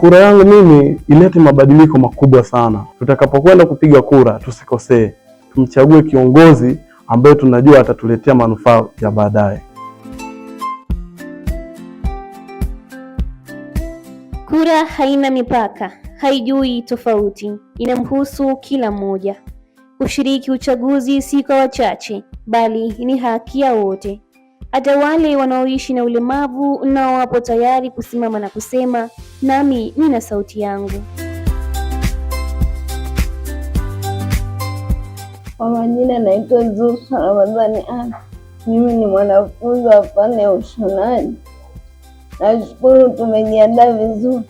kura yangu mimi ilete mabadiliko makubwa sana. Tutakapokwenda kupiga kura, tusikosee, tumchague kiongozi ambaye tunajua atatuletea manufaa ya baadaye. Kura haina mipaka, haijui tofauti, inamhusu kila mmoja. Kushiriki uchaguzi si kwa wachache, bali ni haki ya wote. Hata wale wanaoishi na ulemavu nao wapo tayari kusimama na kusema, nami nina sauti yangu. Kwa majina naitwa Zuhra Ramadhani Ana, mimi ni mwanafunzi wa fani ya ushonaji. Nashukuru tumejiandaa vizuri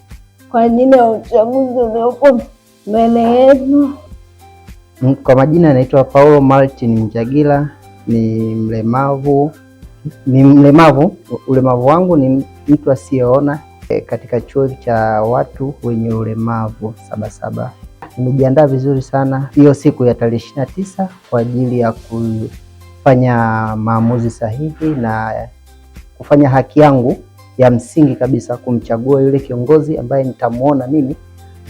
kwa ajili ya uchaguzi uliopo mbele yetu. Kwa majina naitwa Paulo Martin Mjagila, ni mlemavu ni mlemavu. Ulemavu wangu ni mtu asiyeona e, katika chuo cha watu wenye ulemavu Sabasaba. Nimejiandaa vizuri sana hiyo siku ya tarehe ishirini na tisa kwa ajili ya kufanya maamuzi sahihi na kufanya haki yangu ya msingi kabisa, kumchagua yule kiongozi ambaye nitamwona mimi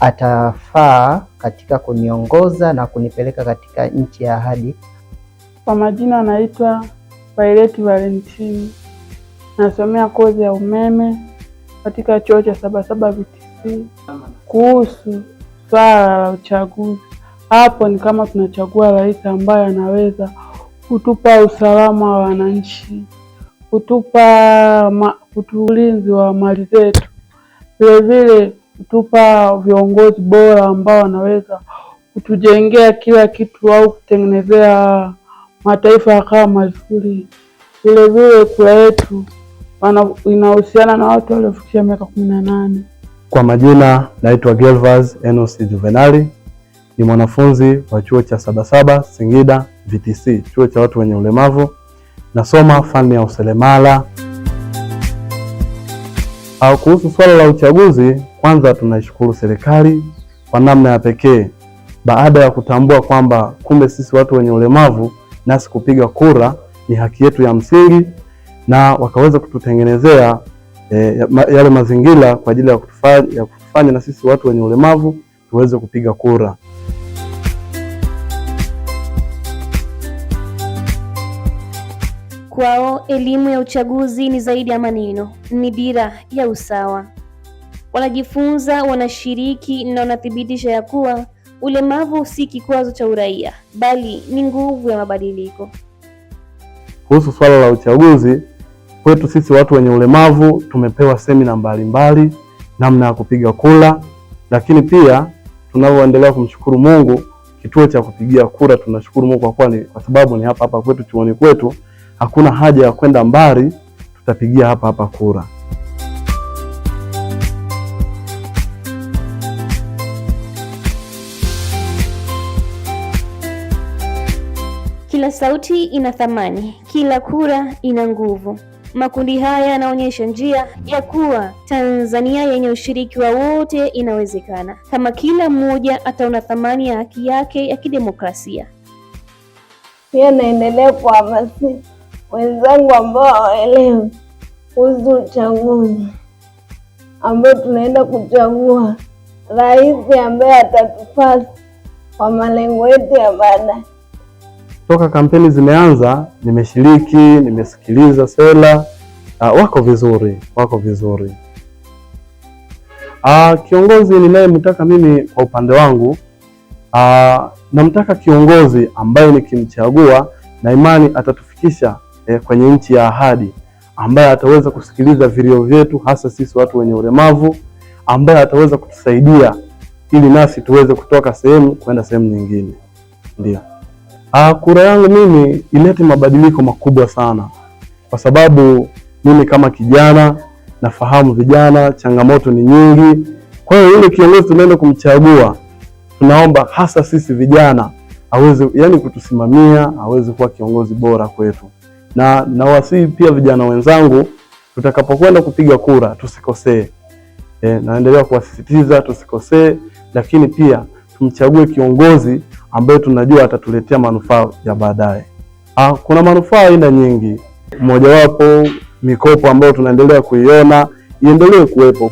atafaa katika kuniongoza na kunipeleka katika nchi ya ahadi. Kwa majina anaitwa Violet Valentini, nasomea kozi ya umeme katika chuo cha Sabasaba VTC kuhusu swala la uchaguzi. Hapo ni kama tunachagua rais ambaye anaweza kutupa usalama wa wananchi, kutupa ulinzi wa mali zetu, vilevile kutupa viongozi bora ambao wanaweza kutujengea kila kitu au kutengenezea mataifa yakawa mazuri. Vilevile kura yetu inahusiana na watu waliofikisha miaka kumi na nane. Kwa majina naitwa Gervas Enos Juvenali, ni mwanafunzi wa chuo cha Sabasaba Singida VTC, chuo cha watu wenye ulemavu. Nasoma fani ya useremala. Au kuhusu swala la uchaguzi, kwanza tunaishukuru serikali kwa namna ya pekee, baada ya kutambua kwamba kumbe sisi watu wenye ulemavu nasi kupiga kura ni haki yetu ya msingi, na wakaweza kututengenezea e, yale mazingira kwa ajili ya kutufanya, ya kutufanya na sisi watu wenye ulemavu tuweze kupiga kura. Kwao elimu ya uchaguzi ni zaidi ya maneno, ni dira ya usawa. Wanajifunza, wanashiriki na wanathibitisha ya kuwa Ulemavu si kikwazo cha uraia, bali ni nguvu ya mabadiliko. Kuhusu swala la uchaguzi, kwetu sisi watu wenye ulemavu tumepewa semina mbalimbali, namna ya kupiga kura, lakini pia tunavyoendelea kumshukuru Mungu, kituo cha kupigia kura tunashukuru Mungu kwa kuwa ni kwa sababu ni hapa hapa kwetu chuoni kwetu, hakuna haja ya kwenda mbali, tutapigia hapa hapa kura. Kila sauti ina thamani, kila kura ina nguvu. Makundi haya yanaonyesha njia ya kuwa Tanzania yenye ushiriki wa wote inawezekana, kama kila mmoja ataona thamani ya haki yake ya kidemokrasia. Pia naendelea kuhamasisha wenzangu ambao hawaelewi kuhusu uchaguzi ambayo tunaenda kuchagua rais ambaye atatupasa kwa malengo yetu ya baadaye toka kampeni zimeanza nimeshiriki, nimesikiliza sera. Uh, ah, wako vizuri, wako vizuri. Uh, kiongozi ninayemtaka mimi kwa upande wangu uh, namtaka kiongozi ambaye nikimchagua na imani atatufikisha eh, kwenye nchi ya ahadi, ambaye ataweza kusikiliza vilio vyetu hasa sisi watu wenye ulemavu, ambaye ataweza kutusaidia ili nasi tuweze kutoka sehemu kwenda sehemu nyingine, ndio. Ah, kura yangu mimi ilete mabadiliko makubwa sana, kwa sababu mimi kama kijana nafahamu vijana changamoto ni nyingi. Kwa hiyo yule kiongozi tunaenda kumchagua, tunaomba hasa sisi vijana aweze yani kutusimamia, aweze kuwa kiongozi bora kwetu, na nawasihi pia vijana wenzangu, tutakapokwenda kupiga kura tusikosee. E, naendelea kuwasisitiza tusikosee, lakini pia tumchague kiongozi ambaye tunajua atatuletea manufaa ya baadaye. Ah, kuna manufaa aina nyingi, mmojawapo mikopo ambayo tunaendelea kuiona iendelee kuwepo.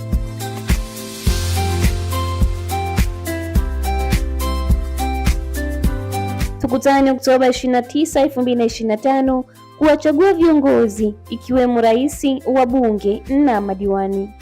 Tukutane Oktoba 29, 2025 kuwachagua viongozi ikiwemo rais, wabunge na madiwani.